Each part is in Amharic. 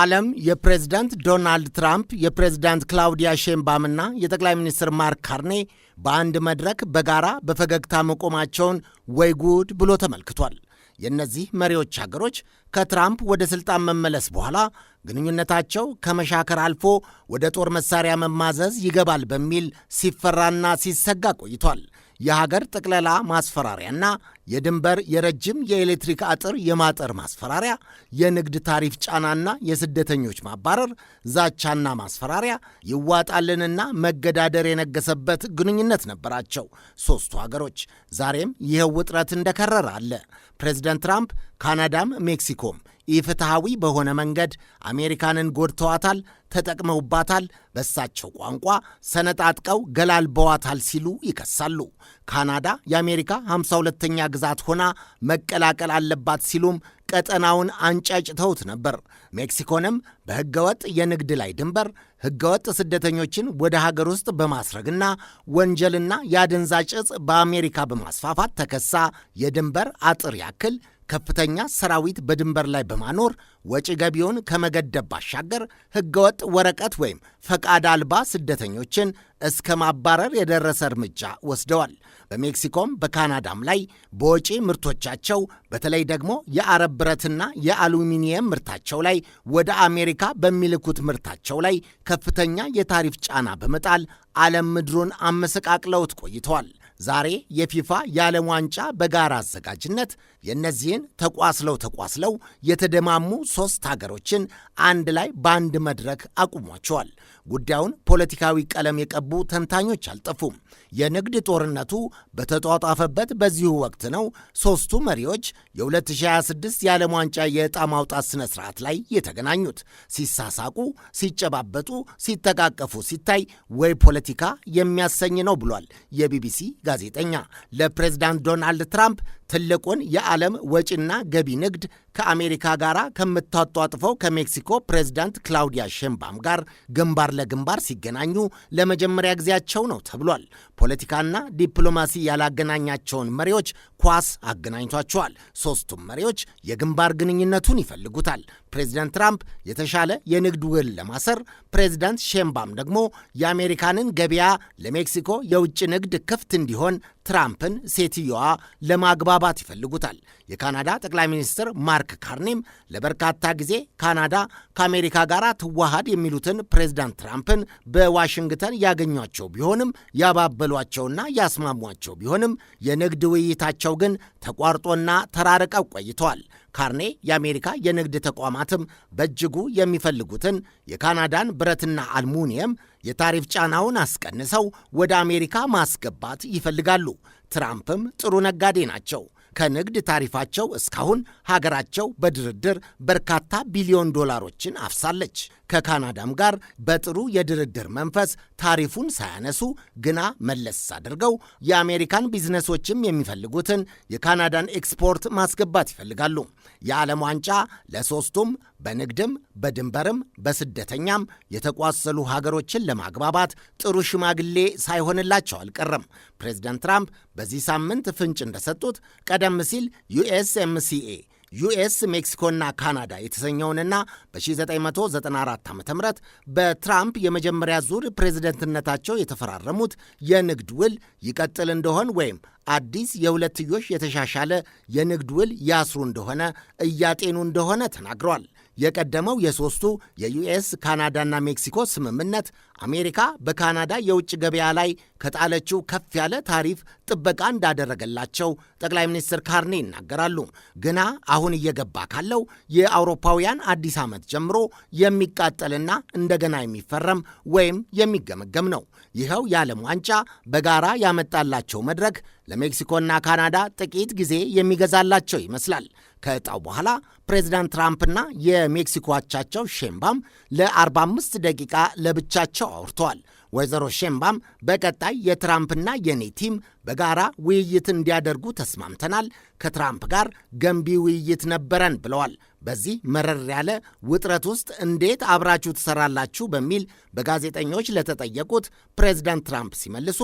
ዓለም የፕሬዝዳንት ዶናልድ ትራምፕ የፕሬዝዳንት ክላውዲያ ሼምባምና የጠቅላይ ሚኒስትር ማርክ ካርኔ በአንድ መድረክ በጋራ በፈገግታ መቆማቸውን ወይ ጉድ ብሎ ተመልክቷል። የእነዚህ መሪዎች አገሮች ከትራምፕ ወደ ሥልጣን መመለስ በኋላ ግንኙነታቸው ከመሻከር አልፎ ወደ ጦር መሳሪያ መማዘዝ ይገባል በሚል ሲፈራና ሲሰጋ ቆይቷል። የሀገር ጠቅለላ ማስፈራሪያና የድንበር የረጅም የኤሌክትሪክ አጥር የማጠር ማስፈራሪያ፣ የንግድ ታሪፍ ጫናና የስደተኞች ማባረር፣ ዛቻና ማስፈራሪያ፣ ይዋጣልንና መገዳደር የነገሰበት ግንኙነት ነበራቸው ሦስቱ ሀገሮች። ዛሬም ይኸው ውጥረት እንደከረረ አለ። ፕሬዚደንት ትራምፕ ካናዳም ሜክሲኮም ኢፍትሐዊ በሆነ መንገድ አሜሪካንን ጎድተዋታል፣ ተጠቅመውባታል፣ በሳቸው ቋንቋ ሰነጣጥቀው ገላልበዋታል ሲሉ ይከሳሉ። ካናዳ የአሜሪካ 52ኛ ግዛት ሆና መቀላቀል አለባት ሲሉም ቀጠናውን አንጫጭተውት ነበር። ሜክሲኮንም በሕገወጥ የንግድ ላይ ድንበር ሕገወጥ ስደተኞችን ወደ ሀገር ውስጥ በማስረግና ወንጀልና የአደንዛዥ ዕፅ በአሜሪካ በማስፋፋት ተከሳ የድንበር አጥር ያክል ከፍተኛ ሰራዊት በድንበር ላይ በማኖር ወጪ ገቢውን ከመገደብ ባሻገር ሕገወጥ ወረቀት ወይም ፈቃድ አልባ ስደተኞችን እስከ ማባረር የደረሰ እርምጃ ወስደዋል። በሜክሲኮም በካናዳም ላይ በወጪ ምርቶቻቸው በተለይ ደግሞ የአረብ ብረትና የአሉሚኒየም ምርታቸው ላይ ወደ አሜሪካ በሚልኩት ምርታቸው ላይ ከፍተኛ የታሪፍ ጫና በመጣል ዓለም ምድሩን አመሰቃቅለውት ቆይተዋል። ዛሬ የፊፋ የዓለም ዋንጫ በጋራ አዘጋጅነት የእነዚህን ተቋስለው ተቋስለው የተደማሙ ሦስት ሀገሮችን አንድ ላይ በአንድ መድረክ አቁሟቸዋል። ጉዳዩን ፖለቲካዊ ቀለም የቀቡ ተንታኞች አልጠፉም። የንግድ ጦርነቱ በተጧጧፈበት በዚሁ ወቅት ነው ሦስቱ መሪዎች የ2026 የዓለም ዋንጫ የዕጣ ማውጣት ሥነ ሥርዓት ላይ የተገናኙት። ሲሳሳቁ፣ ሲጨባበጡ፣ ሲተቃቀፉ ሲታይ ወይ ፖለቲካ የሚያሰኝ ነው ብሏል የቢቢሲ ጋዜጠኛ ለፕሬዝዳንት ዶናልድ ትራምፕ ትልቁን የዓለም ወጪና ገቢ ንግድ ከአሜሪካ ጋር ከምታጧጥፈው ከሜክሲኮ ፕሬዝዳንት ክላውዲያ ሼምባም ጋር ግንባር ለግንባር ሲገናኙ ለመጀመሪያ ጊዜያቸው ነው ተብሏል። ፖለቲካና ዲፕሎማሲ ያላገናኛቸውን መሪዎች ኳስ አገናኝቷቸዋል። ሦስቱም መሪዎች የግንባር ግንኙነቱን ይፈልጉታል። ፕሬዚዳንት ትራምፕ የተሻለ የንግድ ውል ለማሰር፣ ፕሬዚዳንት ሼምባም ደግሞ የአሜሪካንን ገበያ ለሜክሲኮ የውጭ ንግድ ክፍት እንዲሆን ትራምፕን ሴትየዋ ለማግባባት ይፈልጉታል። የካናዳ ጠቅላይ ሚኒስትር ማርክ ካርኔም ለበርካታ ጊዜ ካናዳ ከአሜሪካ ጋር ትዋሃድ የሚሉትን ፕሬዚዳንት ትራምፕን በዋሽንግተን ያገኟቸው ቢሆንም ያባበሏቸውና ያስማሟቸው ቢሆንም የንግድ ውይይታቸው ግን ተቋርጦና ተራርቀው ቆይተዋል። ካርኔ የአሜሪካ የንግድ ተቋማትም በእጅጉ የሚፈልጉትን የካናዳን ብረትና አልሙኒየም የታሪፍ ጫናውን አስቀንሰው ወደ አሜሪካ ማስገባት ይፈልጋሉ። ትራምፕም ጥሩ ነጋዴ ናቸው። ከንግድ ታሪፋቸው እስካሁን ሀገራቸው በድርድር በርካታ ቢሊዮን ዶላሮችን አፍሳለች። ከካናዳም ጋር በጥሩ የድርድር መንፈስ ታሪፉን ሳያነሱ ግና መለስ አድርገው የአሜሪካን ቢዝነሶችም የሚፈልጉትን የካናዳን ኤክስፖርት ማስገባት ይፈልጋሉ። የዓለም ዋንጫ ለሦስቱም በንግድም በድንበርም በስደተኛም የተቋሰሉ ሀገሮችን ለማግባባት ጥሩ ሽማግሌ ሳይሆንላቸው አልቀረም። ፕሬዚደንት ትራምፕ በዚህ ሳምንት ፍንጭ እንደሰጡት ቀደም ሲል ዩኤስኤምሲኤ ዩኤስ ሜክሲኮና ካናዳ የተሰኘውንና በ1994 ዓ ም በትራምፕ የመጀመሪያ ዙር ፕሬዝደንትነታቸው የተፈራረሙት የንግድ ውል ይቀጥል እንደሆን ወይም አዲስ የሁለትዮሽ የተሻሻለ የንግድ ውል ያስሩ እንደሆነ እያጤኑ እንደሆነ ተናግረዋል። የቀደመው የሦስቱ የዩኤስ ካናዳና ሜክሲኮ ስምምነት አሜሪካ በካናዳ የውጭ ገበያ ላይ ከጣለችው ከፍ ያለ ታሪፍ ጥበቃ እንዳደረገላቸው ጠቅላይ ሚኒስትር ካርኔ ይናገራሉ። ግና አሁን እየገባ ካለው የአውሮፓውያን አዲስ ዓመት ጀምሮ የሚቃጠልና እንደገና የሚፈረም ወይም የሚገመገም ነው። ይኸው የዓለም ዋንጫ በጋራ ያመጣላቸው መድረክ ለሜክሲኮና ካናዳ ጥቂት ጊዜ የሚገዛላቸው ይመስላል። ከእጣው በኋላ ፕሬዚዳንት ትራምፕና የሜክሲኮ አቻቸው ሼምባም ለ45 ደቂቃ ለብቻቸው መሆናቸው አውርተዋል። ወይዘሮ ሼምባም በቀጣይ የትራምፕና የኔ ቲም በጋራ ውይይት እንዲያደርጉ ተስማምተናል፣ ከትራምፕ ጋር ገንቢ ውይይት ነበረን ብለዋል። በዚህ መረር ያለ ውጥረት ውስጥ እንዴት አብራችሁ ትሰራላችሁ በሚል በጋዜጠኞች ለተጠየቁት ፕሬዚዳንት ትራምፕ ሲመልሱ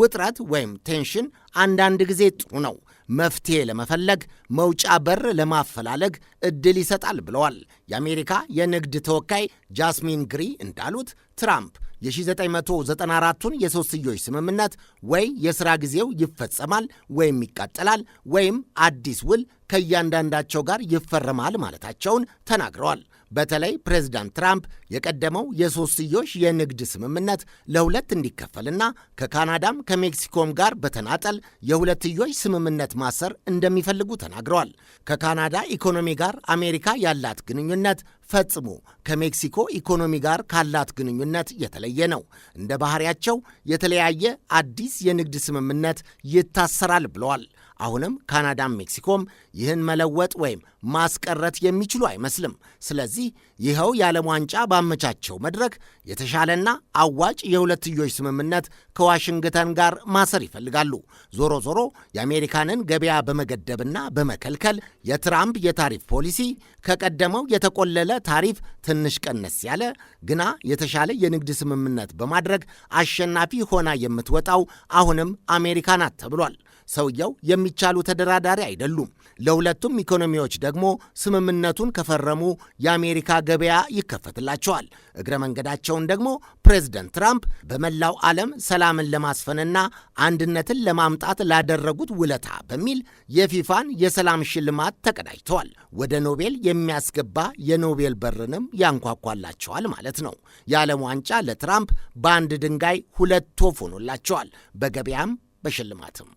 ውጥረት ወይም ቴንሽን አንዳንድ ጊዜ ጥሩ ነው መፍትሄ ለመፈለግ መውጫ በር ለማፈላለግ እድል ይሰጣል ብለዋል። የአሜሪካ የንግድ ተወካይ ጃስሚን ግሪ እንዳሉት ትራምፕ የ1994ቱን የሶስትዮሽ ስምምነት ወይ የሥራ ጊዜው ይፈጸማል ወይም ይቃጠላል ወይም አዲስ ውል ከእያንዳንዳቸው ጋር ይፈረማል ማለታቸውን ተናግረዋል። በተለይ ፕሬዚዳንት ትራምፕ የቀደመው የሶስትዮሽ የንግድ ስምምነት ለሁለት እንዲከፈልና ከካናዳም ከሜክሲኮም ጋር በተናጠል የሁለትዮሽ ስምምነት ማሰር እንደሚፈልጉ ተናግረዋል። ከካናዳ ኢኮኖሚ ጋር አሜሪካ ያላት ግንኙነት ፈጽሞ ከሜክሲኮ ኢኮኖሚ ጋር ካላት ግንኙነት የተለየ ነው። እንደ ባህሪያቸው የተለያየ አዲስ የንግድ ስምምነት ይታሰራል ብለዋል። አሁንም ካናዳም ሜክሲኮም ይህን መለወጥ ወይም ማስቀረት የሚችሉ አይመስልም። ስለዚህ ይኸው የዓለም ዋንጫ ባመቻቸው መድረክ የተሻለና አዋጭ የሁለትዮሽ ስምምነት ከዋሽንግተን ጋር ማሰር ይፈልጋሉ። ዞሮ ዞሮ የአሜሪካንን ገበያ በመገደብና በመከልከል የትራምፕ የታሪፍ ፖሊሲ ከቀደመው የተቆለለ ታሪፍ ትንሽ ቀነስ ያለ ግና የተሻለ የንግድ ስምምነት በማድረግ አሸናፊ ሆና የምትወጣው አሁንም አሜሪካ ናት ተብሏል። ሰውየው የሚቻሉ ተደራዳሪ አይደሉም። ለሁለቱም ኢኮኖሚዎች ደግሞ ስምምነቱን ከፈረሙ የአሜሪካ ገበያ ይከፈትላቸዋል። እግረ መንገዳቸውን ደግሞ ፕሬዝደንት ትራምፕ በመላው ዓለም ሰላምን ለማስፈንና አንድነትን ለማምጣት ላደረጉት ውለታ በሚል የፊፋን የሰላም ሽልማት ተቀዳጅተዋል። ወደ ኖቤል የሚያስገባ የኖቤል በርንም ያንኳኳላቸዋል ማለት ነው። የዓለም ዋንጫ ለትራምፕ በአንድ ድንጋይ ሁለት ወፍ ሆኖላቸዋል፣ በገበያም በሽልማትም።